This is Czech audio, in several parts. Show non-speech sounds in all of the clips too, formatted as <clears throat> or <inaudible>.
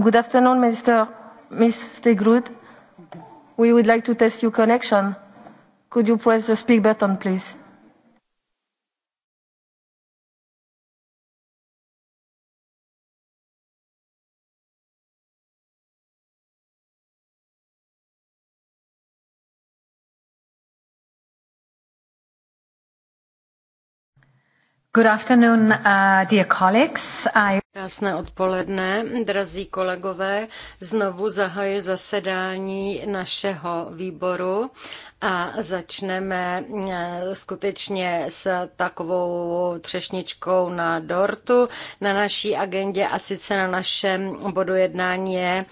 Good afternoon, Mr. Ms. Stegrud. We would like to test your connection. Could you press the speak button, please? Good afternoon, uh, dear colleagues. I... Krásné odpoledne, drazí kolegové. Znovu zahajuji zasedání našeho výboru a začneme eh, skutečně s takovou třešničkou na dortu na naší agendě a sice na našem bodu jednání je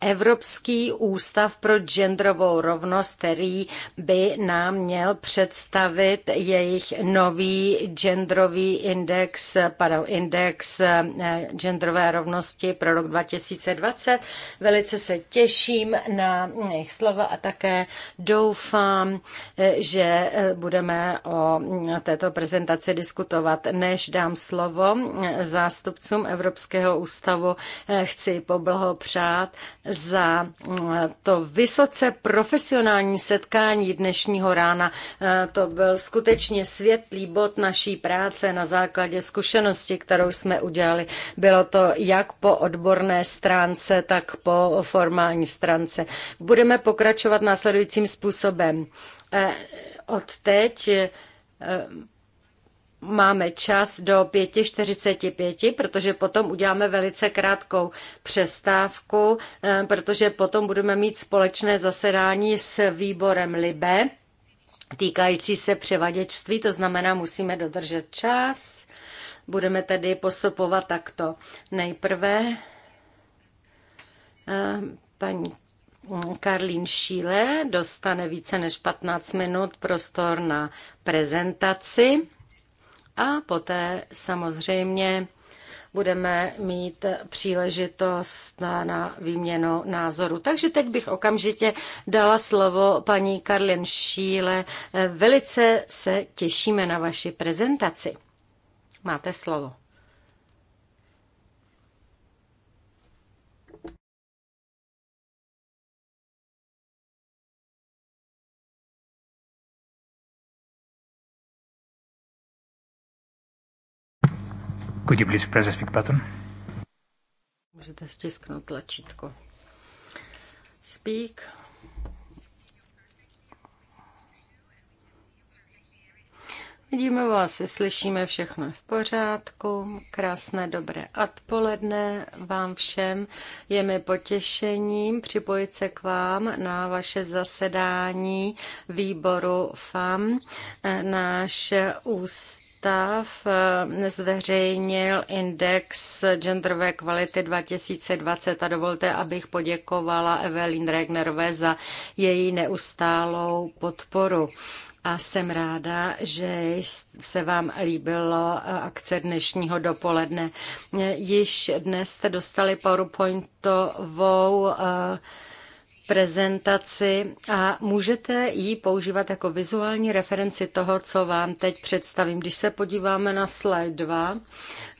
Evropský ústav pro genderovou rovnost, který by nám měl představit jejich nový genderový index, pardon, index eh, genderové rovnosti pro rok 2020. Velice se těším na jejich slova a také doufám, doufám, že eh, budeme o mm, této prezentaci diskutovat. Než dám slovo eh, zástupcům Evropského ústavu, eh, chci poblahopřát za mm, to vysoce profesionální setkání dnešního rána. To byl skutečně světlý bod naší práce na základě zkušenosti, kterou jsme udělali. Bylo to jak po odborné stránce, tak po formální stránce. Budeme pokračovat následujícím způsobem. E, od teď e, máme čas do 5.45, protože potom uděláme velice krátkou přestávku, e, protože potom budeme mít společné zasedání s výborem Libe týkající se převaděčství, to znamená, musíme dodržet čas. Budeme tedy postupovat takto. Nejprve paní Karlín Šíle dostane více než 15 minut prostor na prezentaci a poté samozřejmě budeme mít příležitost na, na výměnu názoru. Takže teď bych okamžitě dala slovo paní Karlin Šíle. Velice se těšíme na vaši prezentaci. Máte slovo. Could you please press the speak button? Můžete stisknout tlačítko. Speak. Vidíme vás, slyšíme všechno v pořádku. Krásné dobré odpoledne vám všem. Je mi potěšením připojit se k vám na vaše zasedání výboru FAM. Náš ústav eh, zveřejnil index genderové kvality 2020 a dovolte, abych poděkovala Evelyn Regnerové za její neustálou podporu a jsem ráda, že se vám líbilo eh, akce dnešního dopoledne. Již dnes jste dostali PowerPointovou eh, prezentaci a můžete ji používat jako vizuální referenci toho, co vám teď představím. Když se podíváme na slide 2,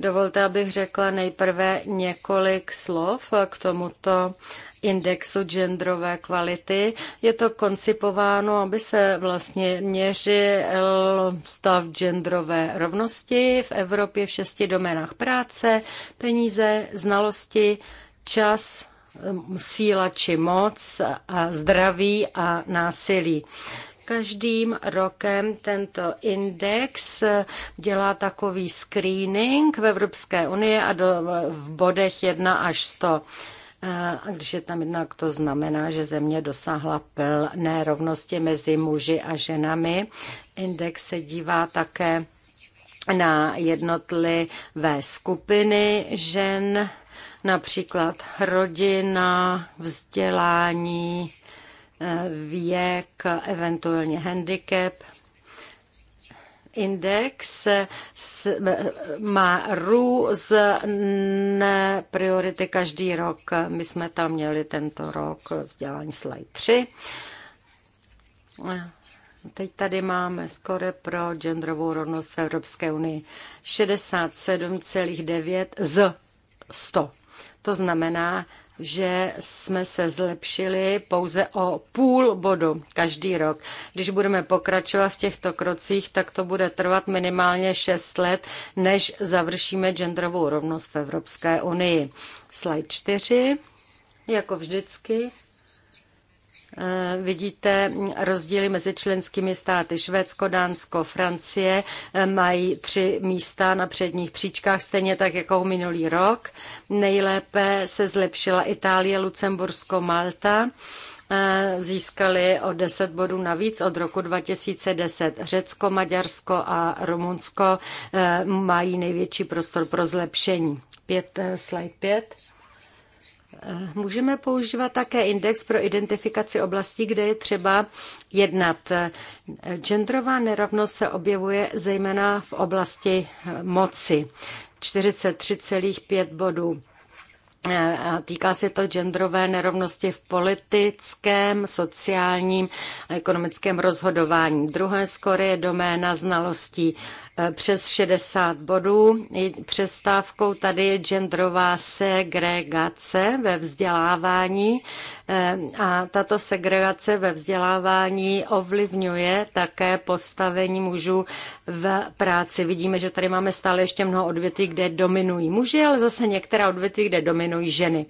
dovolte, abych řekla nejprve několik slov k tomuto indexu genderové kvality. Je to koncipováno, aby se vlastně měřil stav genderové rovnosti v Evropě v šesti doménách práce, peníze, znalosti, čas, síla či moc, a zdraví a násilí každým rokem tento index dělá takový screening v Evropské unii a do, v bodech 1 až 100. A když je tam jednak, to znamená, že země dosáhla plné rovnosti mezi muži a ženami. Index se dívá také na jednotlivé skupiny žen, například rodina, vzdělání, eh, věk, eventuálně handicap – index má různé priority každý rok. My jsme tam měli tento rok vzdělání slide 3. Teď tady máme skore pro genderovou rovnost v Evropské unii 67,9 z 100. To znamená, že jsme se zlepšili pouze o půl bodu každý rok. Když budeme pokračovat v těchto krocích, tak to bude trvat minimálně 6 let, než završíme genderovou rovnost v Evropské unii. Slide 4. Jako vždycky Eh, vidíte rozdíly mezi členskými státy. Švédsko, Dánsko, Francie eh, mají tři místa na předních příčkách, stejně tak jako minulý rok. Nejlépe se zlepšila Itálie, Lucembursko, Malta eh, získali o 10 bodů navíc od roku 2010. Řecko, Maďarsko a Rumunsko mají největší prostor pro zlepšení. Pět, slide 5. Můžeme používat také index pro identifikaci oblastí, kde je třeba jednat. Genderová nerovnost se objevuje zejména v oblasti moci. 43,5 bodů. A týká se to genderové nerovnosti v politickém, sociálním a ekonomickém rozhodování. Druhé skoro je doména znalostí Eh, přes 60 bodů. Přestávkou tady je genderová segregace ve vzdělávání eh, a tato segregace ve vzdělávání ovlivňuje také postavení mužů v práci. Vidíme, že tady máme stále ještě mnoho odvětví, kde dominují muži, ale zase některá odvětví, kde dominují ženy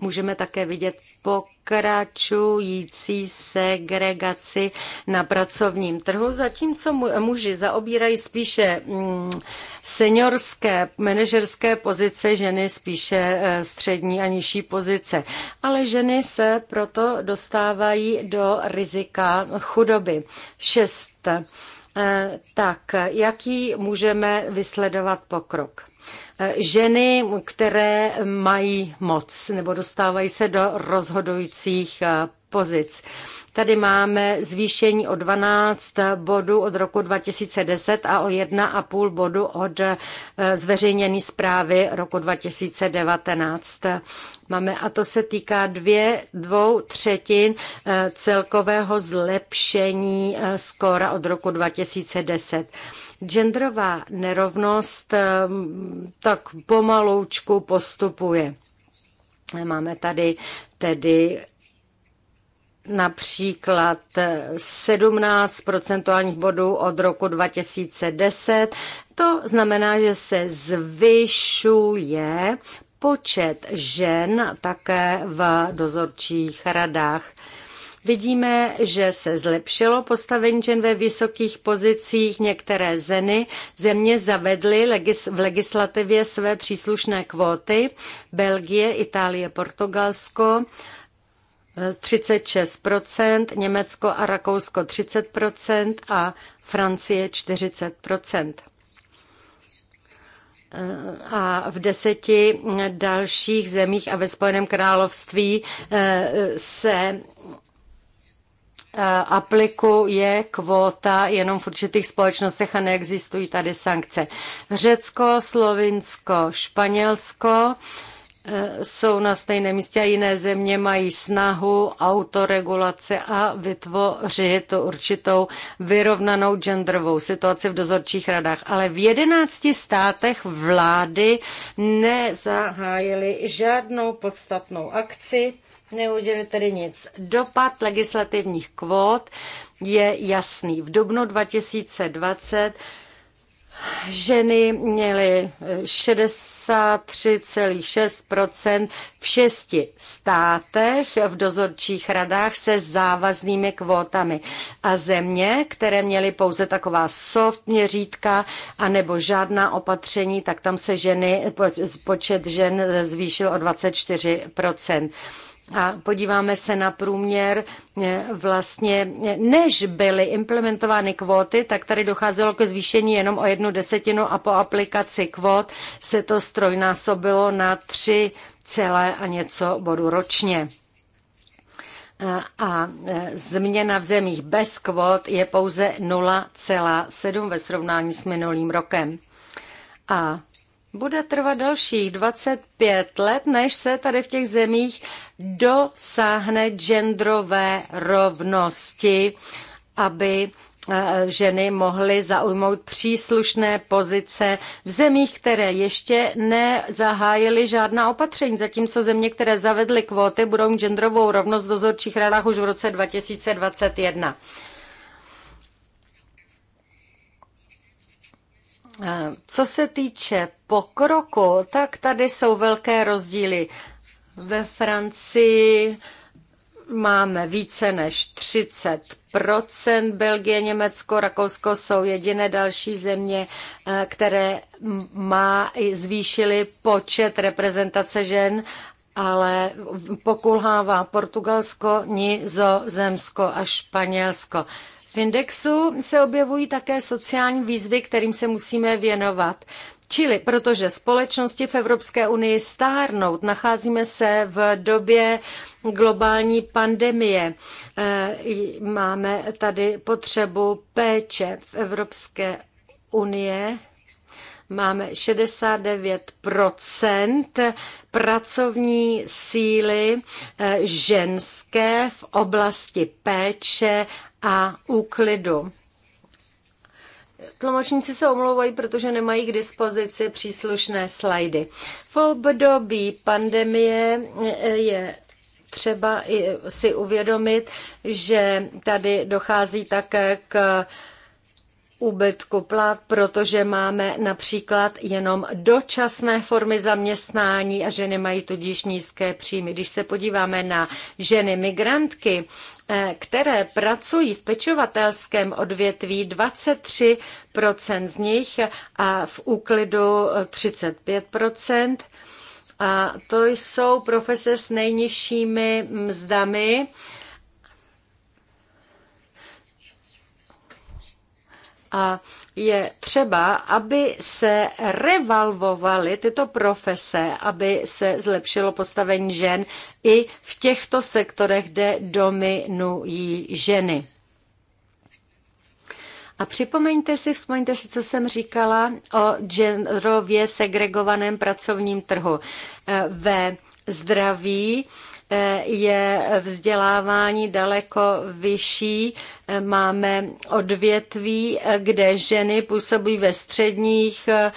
můžeme také vidět pokračující segregaci na pracovním trhu, zatímco muži zaobírají spíše mm, seniorské manažerské pozice, ženy spíše e, střední a nižší pozice. Ale ženy se proto dostávají do rizika chudoby. Šest. E, tak, jaký můžeme vysledovat pokrok? ženy, které mají moc nebo dostávají se do rozhodujících eh, pozic. Tady máme zvýšení o 12 bodů od roku 2010 a o 1,5 bodu od eh, zveřejněné zprávy roku 2019. Máme, a to se týká dvě, dvou třetin eh, celkového zlepšení skóra od roku 2010. Genderová nerovnost ehm, tak pomaloučku postupuje. Máme tady tedy například 17 procentuálních bodů od roku 2010. To znamená, že se zvyšuje počet žen také v dozorčích radách. Vidíme, že se zlepšilo postavení žen ve vysokých pozicích. Některé zeny, země zavedly legis, v legislativě své příslušné kvóty. Belgie, Itálie, Portugalsko. 36%, eh, Německo a Rakousko 30% a Francie 40%. Eh, a v deseti dalších zemích a ve Spojeném království eh, se Eh, apliku je kvóta jenom v určitých společnostech a neexistují tady sankce. Řecko, Slovinsko, Španělsko eh, jsou na stejném místě a jiné země mají snahu autoregulace a vytvořit určitou vyrovnanou genderovou situaci v dozorčích radách. Ale v jedenácti státech vlády nezahájily žádnou podstatnou akci neudělali tedy nic. Dopad legislativních kvót je jasný. V dubnu 2020 ženy měly 63,6 v šesti státech v dozorčích radách se závaznými kvótami a země, které měly pouze taková soft měřítka a nebo žádná opatření, tak tam se ženy, počet žen zvýšil o 24 a podíváme se na průměr, eh, vlastně eh, než byly implementovány kvóty, tak tady docházelo ke zvýšení jenom o jednu desetinu a po aplikaci kvót se to strojnásobilo na tři celé a něco bodu ročně eh, a změna v zemích bez kvot je pouze 0,7 ve srovnání s minulým rokem. A bude trvat dalších 25 let, než se tady v těch zemích dosáhne genderové rovnosti, aby eh, ženy mohly zaujmout příslušné pozice v zemích, které ještě nezahájily žádná opatření, zatímco země, které zavedly kvóty, budou mít genderovou rovnost v dozorčích radách už v roce 2021. Eh, co se týče pokroku, tak tady jsou velké rozdíly. Ve Francii máme více než 30 Belgie, Německo, Rakousko jsou jediné další země, eh, které má zvýšily počet reprezentace žen, ale pokulhává Portugalsko, Nizozemsko a Španělsko. V indexu se objevují také sociální výzvy, kterým se musíme věnovat. Čili protože společnosti v Evropské unii stárnou, nacházíme se v době globální pandemie. Eh, máme tady potřebu péče v Evropské unie. Máme 69 pracovní síly eh, ženské v oblasti péče a úklidu. Tlumočníci se omlouvají, protože nemají k dispozici příslušné slajdy. V období pandemie eh, je třeba si uvědomit, že tady dochází také k úbytku plat, protože máme například jenom dočasné formy zaměstnání a ženy mají tudíž nízké příjmy. Když se podíváme na ženy migrantky, eh, které pracují v pečovatelském odvětví 23% z nich a v úklidu 35%. Eh, a to jsou profese s nejnižšími mzdami A je třeba, aby se revalvovaly tyto profese, aby se zlepšilo postavení žen i v těchto sektorech, kde dominují ženy. A připomeňte si, vzpomeňte si, co jsem říkala o genderově segregovaném pracovním trhu. E, ve zdraví je vzdělávání daleko vyšší. Máme odvětví, kde ženy působí ve středních eh,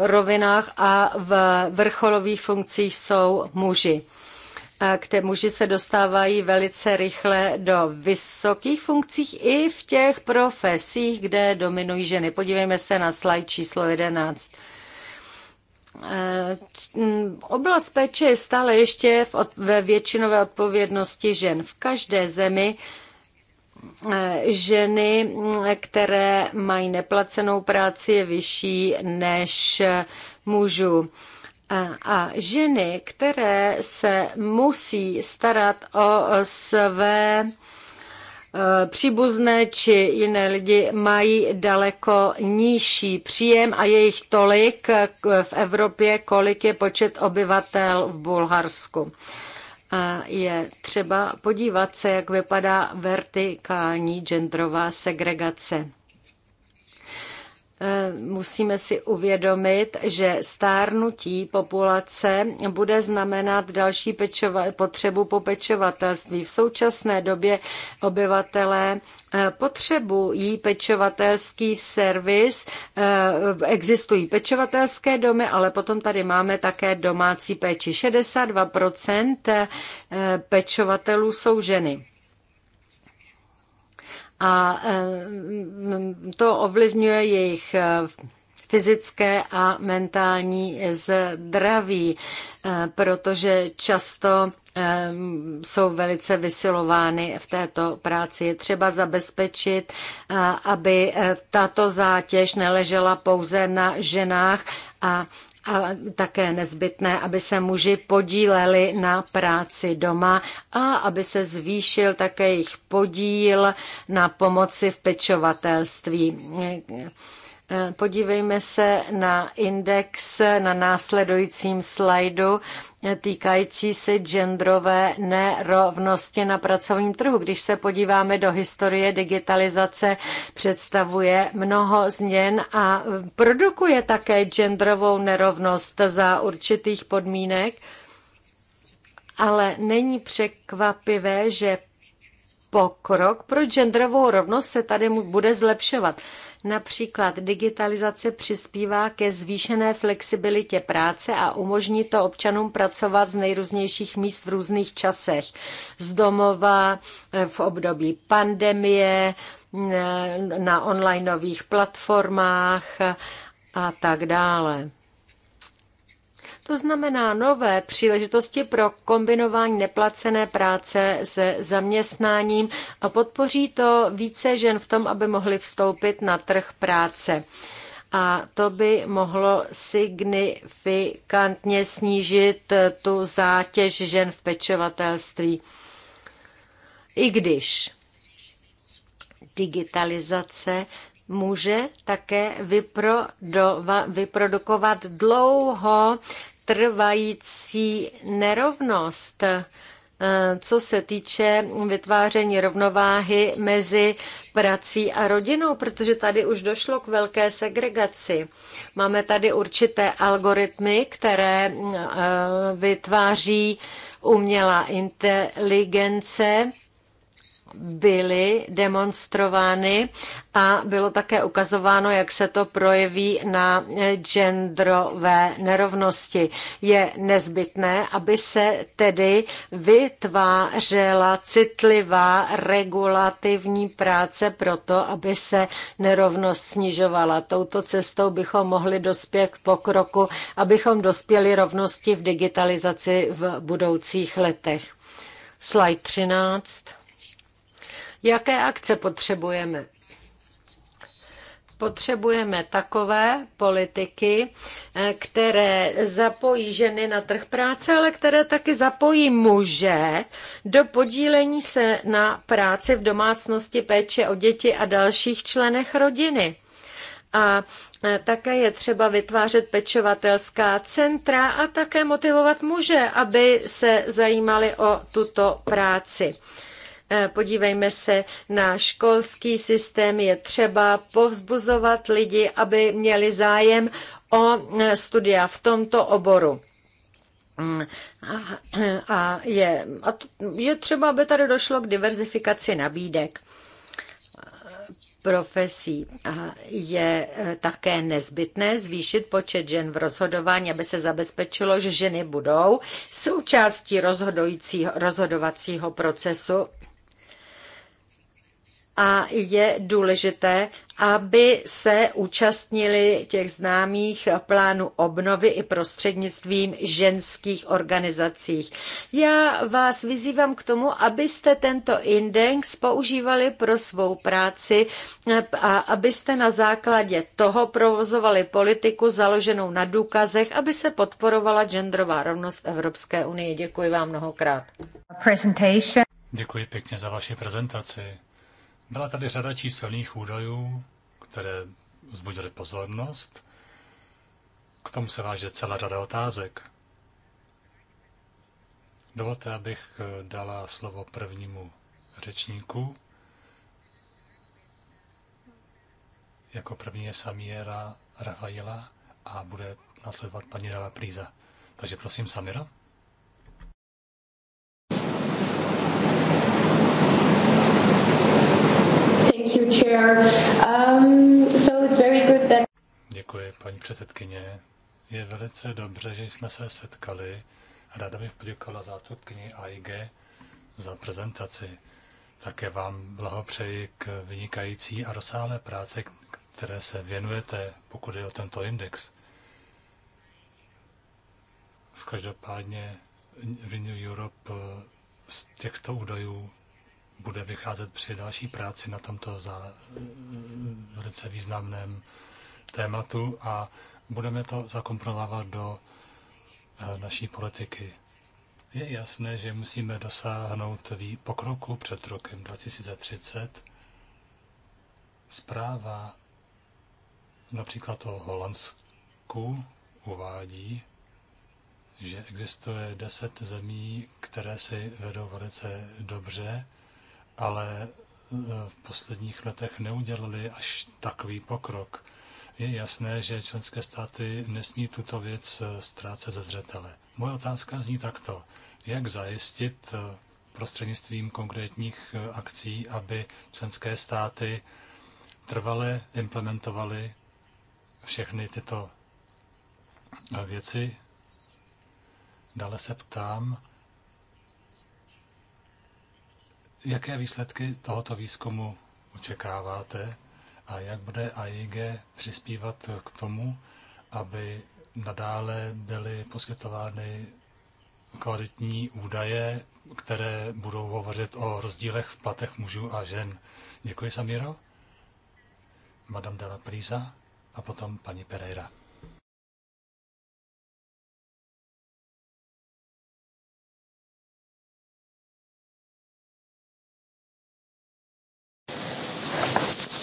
rovinách a v vrcholových funkcích jsou muži kde muži se dostávají velice rychle do vysokých funkcích i v těch profesích, kde dominují ženy. Podívejme se na slide číslo 11. Eh, oblast péče je stále ještě ve většinové odpovědnosti žen. V každé zemi eh, ženy, které mají neplacenou práci, je vyšší než mužů. Eh, a ženy, které se musí starat o své Eh, příbuzné či jiné lidi mají daleko nižší příjem a je jich tolik eh, v Evropě, kolik je počet obyvatel v Bulharsku. Eh, je třeba podívat se, jak vypadá vertikální genderová segregace. Eh, musíme si uvědomit, že stárnutí populace bude znamenat další pečova, potřebu po pečovatelství. V současné době obyvatelé eh, potřebují pečovatelský servis. Eh, existují pečovatelské domy, ale potom tady máme také domácí péči. 62% pečovatelů jsou ženy a eh, to ovlivňuje jejich eh, fyzické a mentální zdraví, eh, protože často jsou velice vysilovány v této práci. Je třeba zabezpečit, aby tato zátěž neležela pouze na ženách a a také nezbytné, aby se muži podíleli na práci doma a aby se zvýšil také jejich podíl na pomoci v pečovatelství Podívejme se na index na následujícím slajdu týkající se genderové nerovnosti na pracovním trhu. Když se podíváme do historie, digitalizace představuje mnoho změn a produkuje také genderovou nerovnost za určitých podmínek. Ale není překvapivé, že pokrok pro genderovou rovnost se tady bude zlepšovat. Například digitalizace přispívá ke zvýšené flexibilitě práce a umožní to občanům pracovat z nejrůznějších míst v různých časech. Z domova, eh, v období pandemie, eh, na onlineových platformách eh, a tak dále. To znamená nové příležitosti pro kombinování neplacené práce se zaměstnáním a podpoří to více žen v tom, aby mohly vstoupit na trh práce a to by mohlo signifikantně snížit tu zátěž žen v pečovatelství. I když digitalizace může také vyprodukovat dlouho trvající nerovnost eh, co se týče vytváření rovnováhy mezi prací a rodinou, protože tady už došlo k velké segregaci. Máme tady určité algoritmy, které eh, vytváří umělá inteligence byly demonstrovány a bylo také ukazováno, jak se to projeví na genderové nerovnosti. Je nezbytné, aby se tedy vytvářela citlivá regulativní práce pro to, aby se nerovnost snižovala. Touto cestou bychom mohli dospět k pokroku, abychom dospěli rovnosti v digitalizaci v budoucích letech. Slide 13. Jaké akce potřebujeme? Potřebujeme takové politiky, eh, které zapojí ženy na trh práce, ale které taky zapojí muže do podílení se na práci v domácnosti, péče o děti a dalších členech rodiny. A eh, také je třeba vytvářet pečovatelská centra a také motivovat muže, aby se zajímali o tuto práci. Eh, podívejme se na školský systém. Je třeba povzbuzovat lidi, aby měli zájem o eh, studia v tomto oboru. Mm, a, a, je, a je třeba, aby tady došlo k diverzifikaci nabídek eh, profesí a je také nezbytné zvýšit počet žen v rozhodování, aby se zabezpečilo, že ženy budou součástí rozhodujícího, rozhodovacího procesu a je důležité, aby se účastnili těch známých plánů obnovy i prostřednictvím ženských organizací. Já vás vyzývám k tomu, abyste tento index používali pro svou práci a abyste na základě toho provozovali politiku založenou na důkazech, aby se podporovala genderová rovnost Evropské unie. Děkuji vám mnohokrát. Děkuji pěkně za vaši prezentaci. Byla tady řada číselných údajů, které vzbudily pozornost. K tomu se váže celá řada otázek. Dovolte, abych eh, dala slovo prvnímu řečníku. Jako první je Samiera Rafaela a bude následovat paní Dala Príza. Takže prosím, Samira. Děkuji, paní předsedkyně. Je velice dobře, že jsme se setkali. Ráda bych poděkovala zástupkyni AIG za prezentaci. Také vám blahopřeji k vynikající a rozsáhlé práci, které se věnujete, pokud je o tento index. V každopádně Renew Europe eh, z těchto údajů bude vycházet při další práci na tomto eh, velice významném tématu a budeme to zakomponovávat do eh, naší politiky. Je jasné, že musíme dosáhnout pokroku před rokem 2030. Zpráva například o Holandsku uvádí, že existuje deset zemí, které si vedou velice dobře, ale eh, v posledních letech neudělali až takový pokrok je jasné, že členské státy nesmí tuto věc eh, ztrácet ze zřetele. Moje otázka zní takto. Jak zajistit eh, prostřednictvím konkrétních eh, akcí, aby členské státy trvale implementovaly všechny tyto věci? Dále se ptám, jaké výsledky tohoto výzkumu očekáváte? a jak bude AIG přispívat k tomu, aby nadále byly poskytovány kvalitní údaje, které budou hovořit o rozdílech v platech mužů a žen. Děkuji, Samiro. Madame de la Prisa a potom paní Pereira.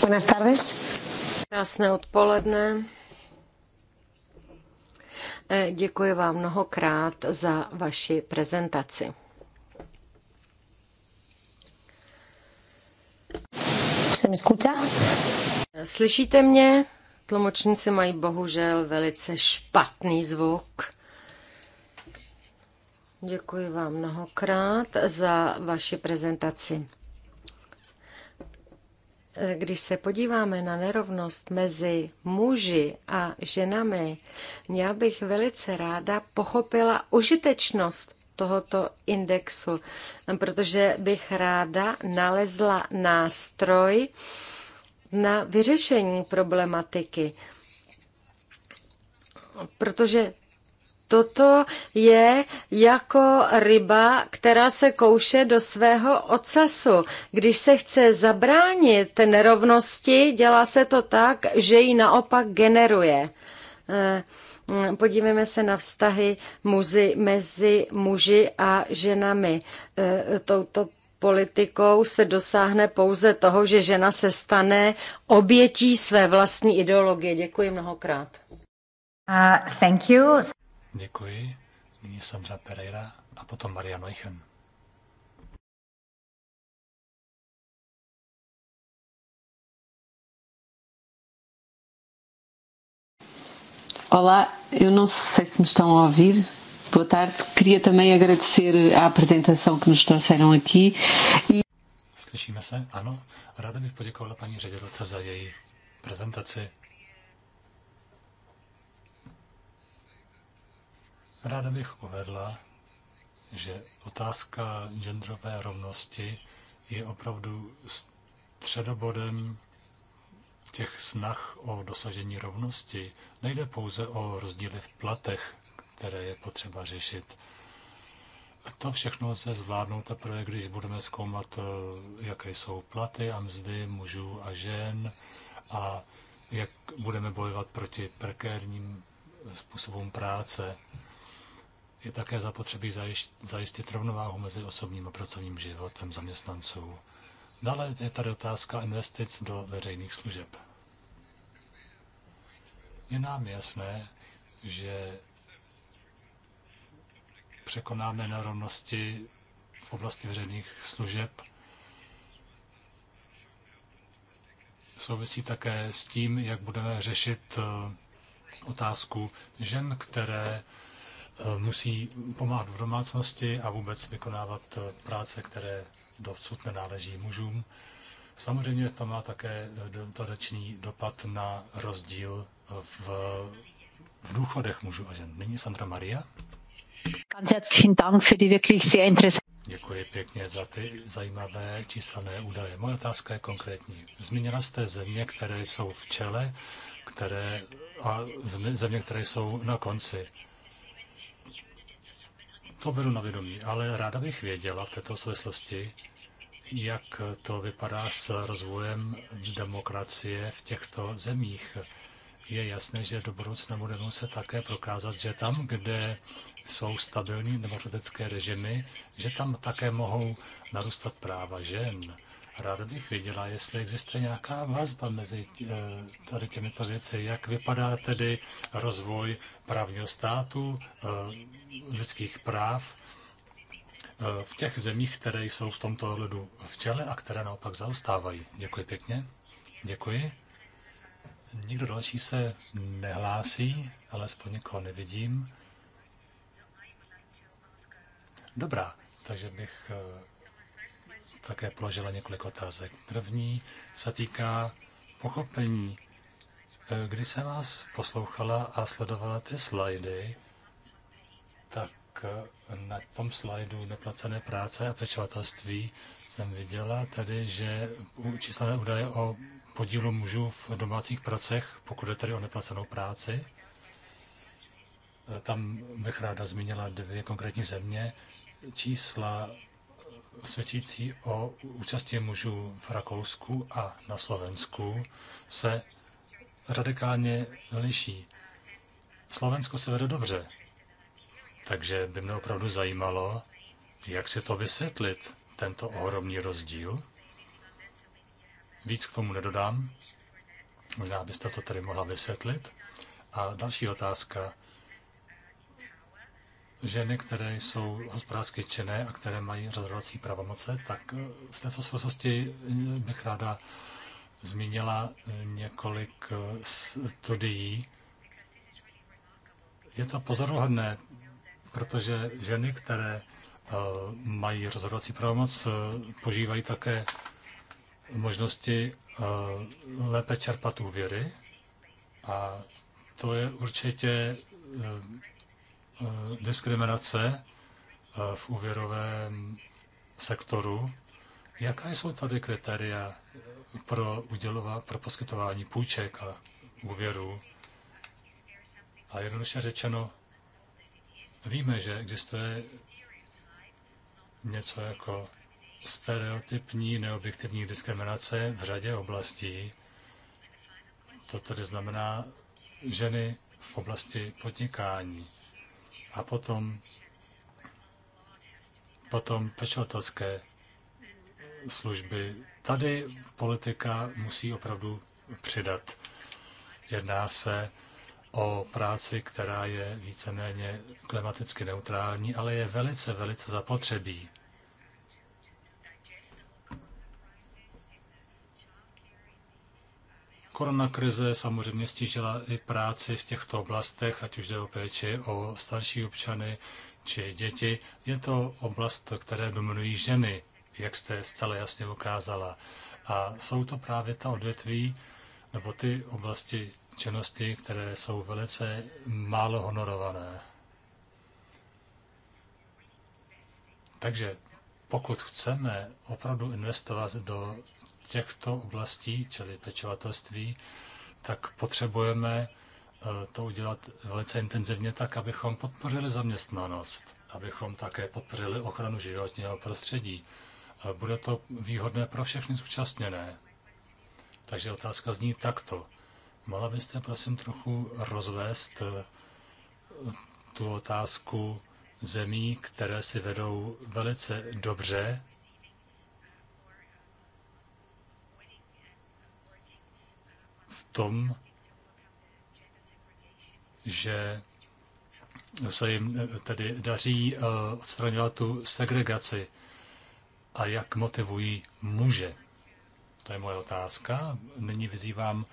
Buenas tardes. Krásné odpoledne. E, děkuji vám mnohokrát za vaši prezentaci. Se mi escucha? E, slyšíte mě? Tlumočníci mají bohužel velice špatný zvuk. Děkuji vám mnohokrát za vaši prezentaci. Když se podíváme na nerovnost mezi muži a ženami, já bych velice ráda pochopila užitečnost tohoto indexu, protože bych ráda nalezla nástroj na vyřešení problematiky. Protože Toto je jako ryba, která se kouše do svého ocasu. Když se chce zabránit nerovnosti, dělá se to tak, že ji naopak generuje. Eh, podívejme se na vztahy muži, mezi muži a ženami. Eh, touto politikou se dosáhne pouze toho, že žena se stane obětí své vlastní ideologie. Děkuji mnohokrát. Uh, thank you. Děkuji. Nyní Sandra Pereira a potom Maria Neuchen. Olá, eu não sei se me estão a ouvir. Boa tarde. Queria também agradecer a apresentação que nos trouxeram aqui. E... Slyšíme se? Ano. Ráda bych poděkovala paní ředitelce za její prezentaci. Ráda bych uvedla, že otázka genderové rovnosti je opravdu středobodem těch snah o dosažení rovnosti. Nejde pouze o rozdíly v platech, které je potřeba řešit. To všechno se zvládnout teprve, když budeme zkoumat, eh, jaké jsou platy a mzdy mužů a žen a jak budeme bojovat proti prekérním způsobům práce je také zapotřebí zajistit rovnováhu mezi osobním a pracovním životem zaměstnanců. Dále je tady otázka investic do veřejných služeb. Je nám jasné, že překonáme nerovnosti v oblasti veřejných služeb. Souvisí také s tím, jak budeme řešit eh, otázku žen, které Eh, musí pomáhat v domácnosti a vůbec vykonávat eh, práce, které dosud nenáleží mužům. Samozřejmě to má také eh, dodatečný dopad na rozdíl v, v důchodech mužů a žen. Nyní Sandra Maria. Děkuji pěkně za ty zajímavé číselné údaje. Moje otázka je konkrétní. Zmínila jste země, které jsou v čele, které, a země, které jsou na konci. To beru na vědomí, ale ráda bych věděla v této souvislosti, jak to vypadá s rozvojem demokracie v těchto zemích. Je jasné, že do budoucna bude muset také prokázat, že tam, kde jsou stabilní demokratické režimy, že tam také mohou narůstat práva žen. Ráda bych věděla, jestli existuje nějaká vazba mezi eh, tady těmito věci, jak vypadá tedy rozvoj právního státu, eh, lidských práv eh, v těch zemích, které jsou v tomto ohledu v čele a které naopak zaostávají. Děkuji pěkně. Děkuji. Nikdo další se nehlásí, alespoň někoho nevidím. Dobrá, takže bych eh, také položila několik otázek. První se týká pochopení. Eh, Když jsem vás poslouchala a sledovala ty slajdy, tak eh, na tom slajdu neplacené práce a pečovatelství jsem viděla tady, že číselné údaje o podílu mužů v domácích pracech, pokud je tady o neplacenou práci, eh, tam bych ráda zmínila dvě konkrétní země. Čísla eh, svědčící o účasti mužů v Rakousku a na Slovensku se radikálně liší. Slovensko se vede dobře, takže by mě opravdu zajímalo, jak si to vysvětlit, tento ohromný rozdíl. Víc k tomu nedodám. Možná byste to tady mohla vysvětlit. A další otázka. Ženy, které jsou hospodářsky činné a které mají rozhodovací pravomoce, tak eh, v této souvislosti eh, bych ráda zmínila eh, několik studií. Je to pozoruhodné, protože ženy, které eh, mají rozhodovací pravomoc, eh, požívají také možnosti eh, lépe čerpat úvěry a to je určitě diskriminace v úvěrovém sektoru. Jaká jsou tady kritéria pro, udělova, pro poskytování půjček a úvěrů? A jednoduše řečeno, Víme, že existuje něco jako stereotypní neobjektivní diskriminace v řadě oblastí. To tedy znamená ženy v oblasti podnikání. A potom, potom pečovatelské služby. Tady politika musí opravdu přidat. Jedná se o práci, která je víceméně klimaticky neutrální, ale je velice, velice zapotřebí. Korona krize samozřejmě stížila i práci v těchto oblastech, ať už jde o péči o starší občany či děti. Je to oblast, které dominují ženy, jak jste zcela jasně ukázala. A jsou to právě ta odvětví nebo ty oblasti činnosti, které jsou velice málo honorované. Takže pokud chceme opravdu investovat do těchto oblastí, čili pečovatelství, tak potřebujeme eh, to udělat velice intenzivně tak, abychom podpořili zaměstnanost, abychom také podpořili ochranu životního prostředí. Eh, bude to výhodné pro všechny zúčastněné. Takže otázka zní takto. Mohla byste prosím trochu rozvést eh, tu otázku zemí, které si vedou velice dobře, v tom, že se jim eh, tedy daří eh, odstraňovat tu segregaci a jak motivují muže. To je moje otázka. Nyní vyzývám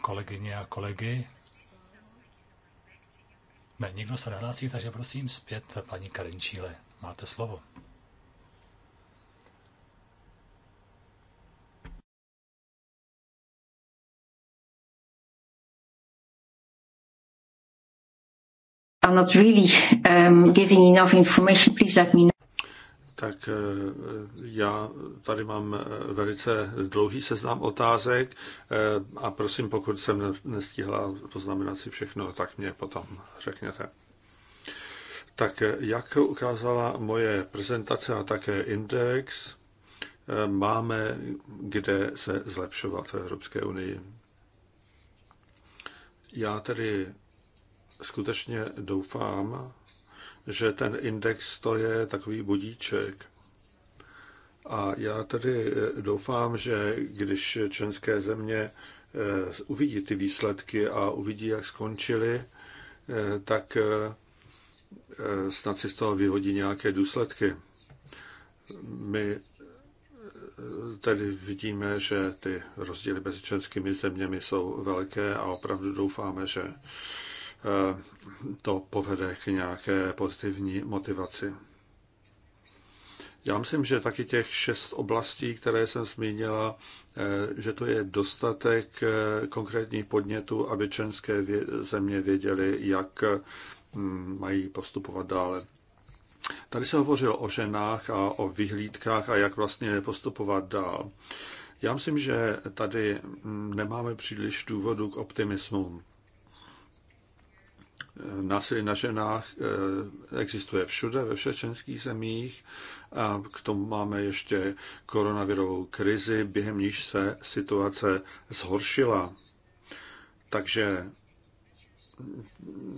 kolegyně a kolegy. Ne, nikdo se nehlásí, takže prosím zpět paní Karinčíle. Máte slovo. are not really um, giving enough information, please let me know tak eh, já tady mám eh, velice dlouhý seznam otázek eh, a prosím, pokud jsem nestihla poznamenat si všechno, tak mě potom řekněte. Tak jak ukázala moje prezentace a také index, máme kde se zlepšovat v Evropské unii. Já tedy skutečně doufám, že ten index to je takový budíček. A já tedy eh, doufám, že když členské země eh, uvidí ty výsledky a uvidí, jak skončily, eh, tak snad si z toho vyhodí nějaké důsledky. My tady vidíme, že ty rozdíly mezi členskými zeměmi jsou velké a opravdu doufáme, že Eh, to povede k nějaké pozitivní motivaci. Já myslím, že taky těch šest oblastí, které jsem zmínila, eh, že to je dostatek eh, konkrétních podnětů, aby členské země věděly, jak hm, mají postupovat dále. Tady se hovořilo o ženách a o vyhlídkách a jak vlastně postupovat dál. Já myslím, že tady hm, nemáme příliš důvodu k optimismu násilí na ženách eh, existuje všude, ve všech členských zemích. A k tomu máme ještě koronavirovou krizi, během níž se situace zhoršila. Takže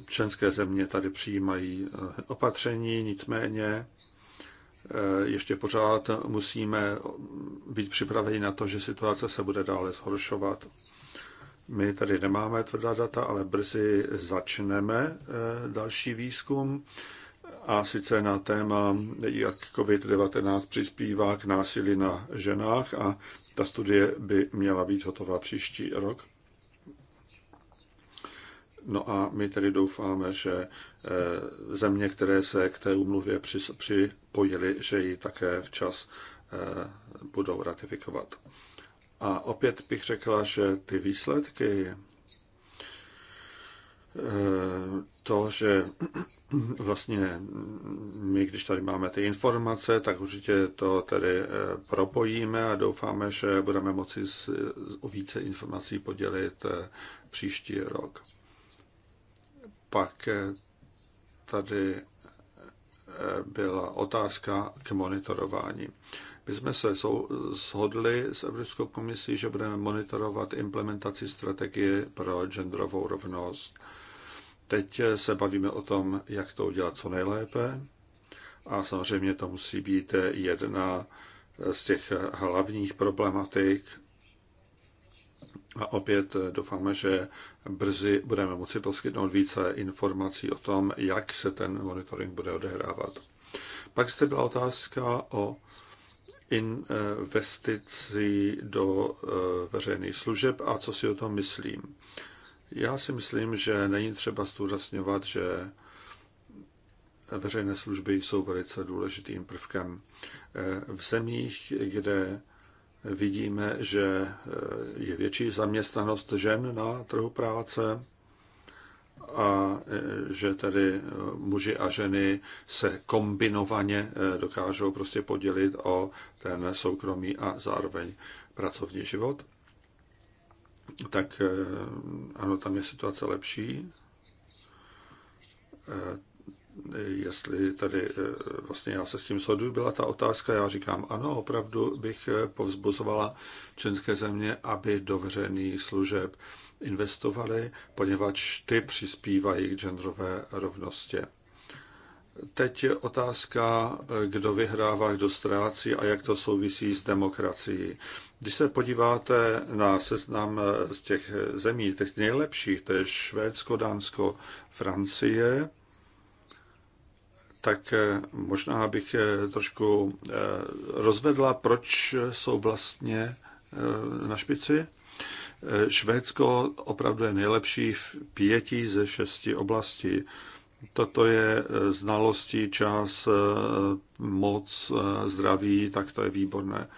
členské země tady přijímají eh, opatření, nicméně eh, ještě pořád musíme být připraveni na to, že situace se bude dále zhoršovat. My tady nemáme tvrdá data, ale brzy začneme eh, další výzkum a sice na téma, jak COVID-19 přispívá k násilí na ženách a ta studie by měla být hotová příští rok. No a my tedy doufáme, že eh, země, které se k té umluvě připojily, že ji také včas eh, budou ratifikovat. A opět bych řekla, že ty výsledky, eh, to, že <clears throat> vlastně my, když tady máme ty informace, tak určitě to tedy eh, propojíme a doufáme, že budeme moci o více informací podělit eh, příští rok. Pak tady byla otázka k monitorování. My jsme se shodli s Evropskou komisí, že budeme monitorovat implementaci strategie pro genderovou rovnost. Teď se bavíme o tom, jak to udělat co nejlépe. A samozřejmě to musí být jedna z těch hlavních problematik. A opět doufáme, že brzy budeme moci poskytnout více informací o tom, jak se ten monitoring bude odehrávat. Pak jste byla otázka o investicí do eh, veřejných služeb a co si o tom myslím. Já si myslím, že není třeba zdůrazňovat, že veřejné služby jsou velice důležitým prvkem. Eh, v zemích, kde vidíme, že eh, je větší zaměstnanost žen na trhu práce, a e, že tedy e, muži a ženy se kombinovaně e, dokážou prostě podělit o ten soukromý a zároveň pracovní život. Tak ano, tam je situace lepší. Jestli tady, vlastně já se s tím shodu, byla ta otázka, já říkám ano, opravdu bych povzbuzovala členské země, aby do veřejných služeb investovali, poněvadž ty přispívají k genderové rovnosti. Teď je otázka, kdo vyhrává, kdo ztrácí a jak to souvisí s demokracií. Když se podíváte na seznam z těch zemí, těch nejlepších, to je Švédsko, Dánsko, Francie, tak možná bych trošku eh, rozvedla, proč jsou vlastně eh, na špici. Švédsko opravdu je nejlepší v pěti ze šesti oblastí. Toto je eh, znalosti, čas, eh, moc, eh, zdraví, tak to je výborné.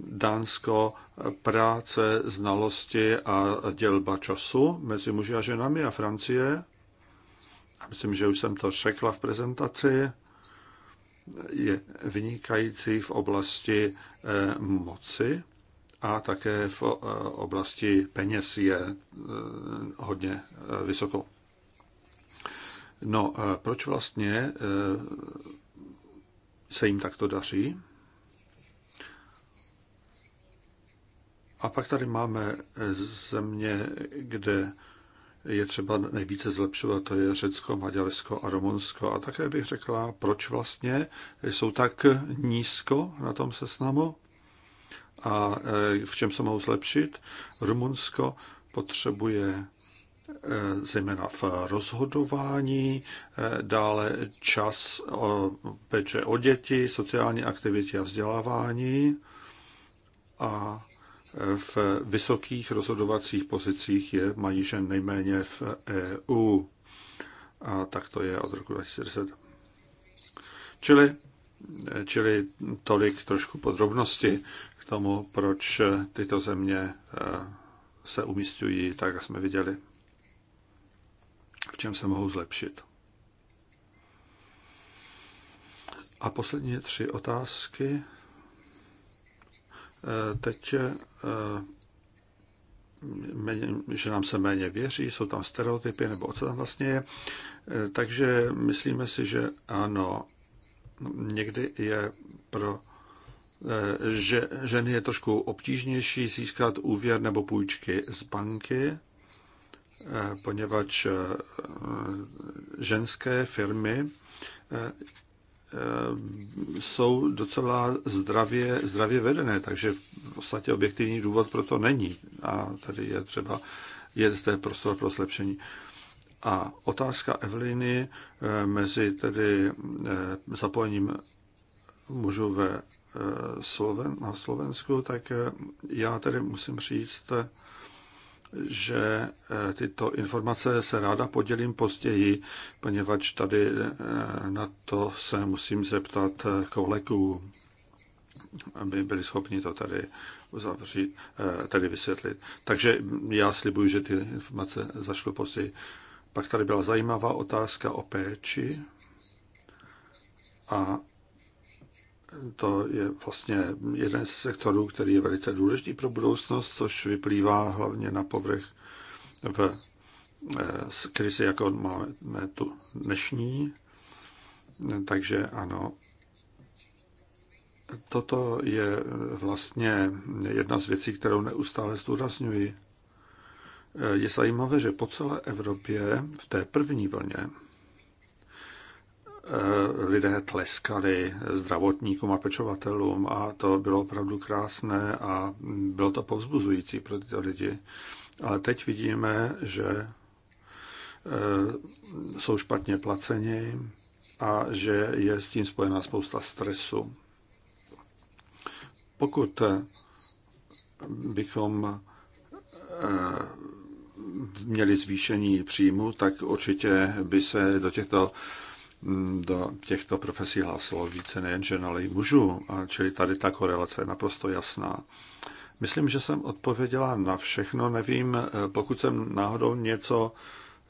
Dánsko práce, znalosti a dělba času mezi muži a ženami a Francie. myslím, že už jsem to řekla v prezentaci. Je vynikající v oblasti moci a také v eh, oblasti peněz je eh, hodně eh, vysoko. No, proč vlastně se jim takto daří? A pak tady máme země, kde je třeba nejvíce zlepšovat, to je Řecko, Maďarsko a Rumunsko. A také bych řekla, proč vlastně jsou tak nízko na tom seznamu. A eh, v čem se mohou zlepšit? Rumunsko potřebuje eh, zejména v rozhodování, eh, dále čas o péče o děti, sociální aktivitě a vzdělávání a v vysokých rozhodovacích pozicích je mají žen nejméně v EU. A tak to je od roku 2010. Čili, čili tolik trošku podrobnosti tomu, proč eh, tyto země eh, se umístují tak, jak jsme viděli, v čem se mohou zlepšit. A poslední tři otázky. Eh, teď že nám se méně věří, jsou tam stereotypy, nebo co tam vlastně je. Takže myslíme si, že ano, někdy je pro Eh, že ženy je trošku obtížnější získat úvěr nebo půjčky z banky, eh, poněvadž eh, ženské firmy jsou docela zdravě, zdravě vedené, takže v podstatě objektivní důvod pro to není. A tady je třeba, je zde prostor pro zlepšení. A otázka Evliny mezi tedy zapojením mužů ve Eh, Sloven, na Slovensku, tak eh, já tedy musím říct, eh, že tyto informace se ráda podělím později, poněvadž tady na to se musím zeptat kolegů, aby byli schopni to tady uzavřít, tady vysvětlit. Takže já slibuju, že ty informace zašlu později. Pak tady byla zajímavá otázka o péči a to je vlastně jeden z sektorů, který je velice důležitý pro budoucnost, což vyplývá hlavně na povrch v eh, z krizi, jako máme tu dnešní. Takže ano, toto je vlastně jedna z věcí, kterou neustále zdůrazňuji. Eh, je zajímavé, že po celé Evropě v té první vlně Eh, lidé tleskali zdravotníkům a pečovatelům a to bylo opravdu krásné a bylo to povzbuzující pro tyto lidi. Ale teď vidíme, že eh, jsou špatně placeni a že je s tím spojená spousta stresu. Pokud eh, bychom měli zvýšení příjmu, tak určitě by se do těchto Mm, do těchto profesí hlásilo více nejen žen, ale i mužů. A čili tady ta korelace je naprosto jasná. Myslím, že jsem odpověděla na všechno. Nevím, eh, pokud jsem náhodou něco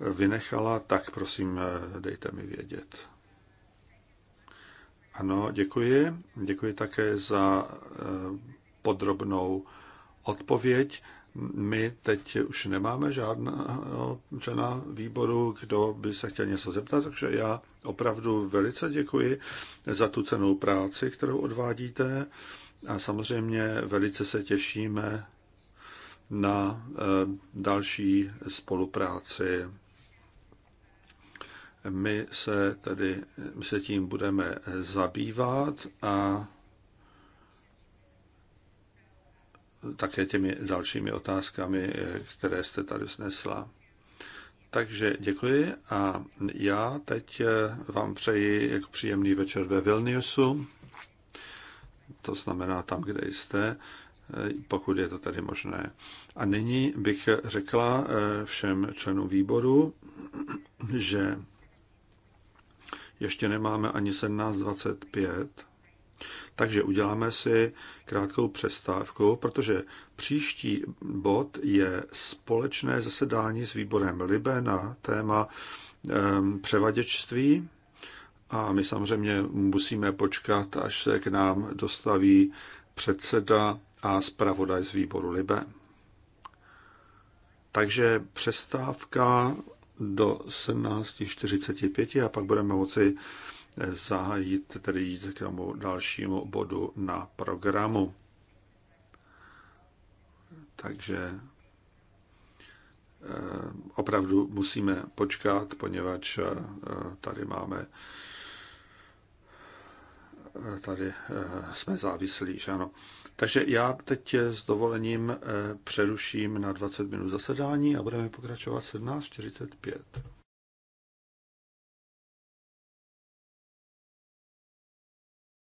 eh, vynechala, tak prosím, eh, dejte mi vědět. Ano, děkuji. Děkuji také za podrobnou odpověď. My teď už nemáme žádného člena výboru, kdo by se chtěl něco zeptat, takže já opravdu velice děkuji za tu cenou práci, kterou odvádíte a samozřejmě velice se těšíme na eh, další spolupráci. My se tedy my se tím budeme zabývat a také těmi dalšími otázkami, eh, které jste tady snesla. Takže děkuji a já teď eh, vám přeji jako příjemný večer ve Vilniusu, to znamená tam, kde jste, eh, pokud je to tady možné. A nyní bych řekla všem členům výboru, že ještě nemáme ani 17.25, takže uděláme si krátkou přestávku, protože příští bod je společné zasedání s výborem Libe na téma ehm, převaděčství. A my samozřejmě musíme počkat, až se k nám dostaví předseda a zpravodaj z výboru Libe. Takže přestávka do 17.45 a pak budeme moci zahájit, tedy jít k tomu dalšímu bodu na programu. Takže eh, opravdu musíme počkat, poněvadž eh, tady máme eh, tady jsme závislí, že ano. Takže já teď s dovolením přeruším na 20 minut zasedání a budeme pokračovat 17.45.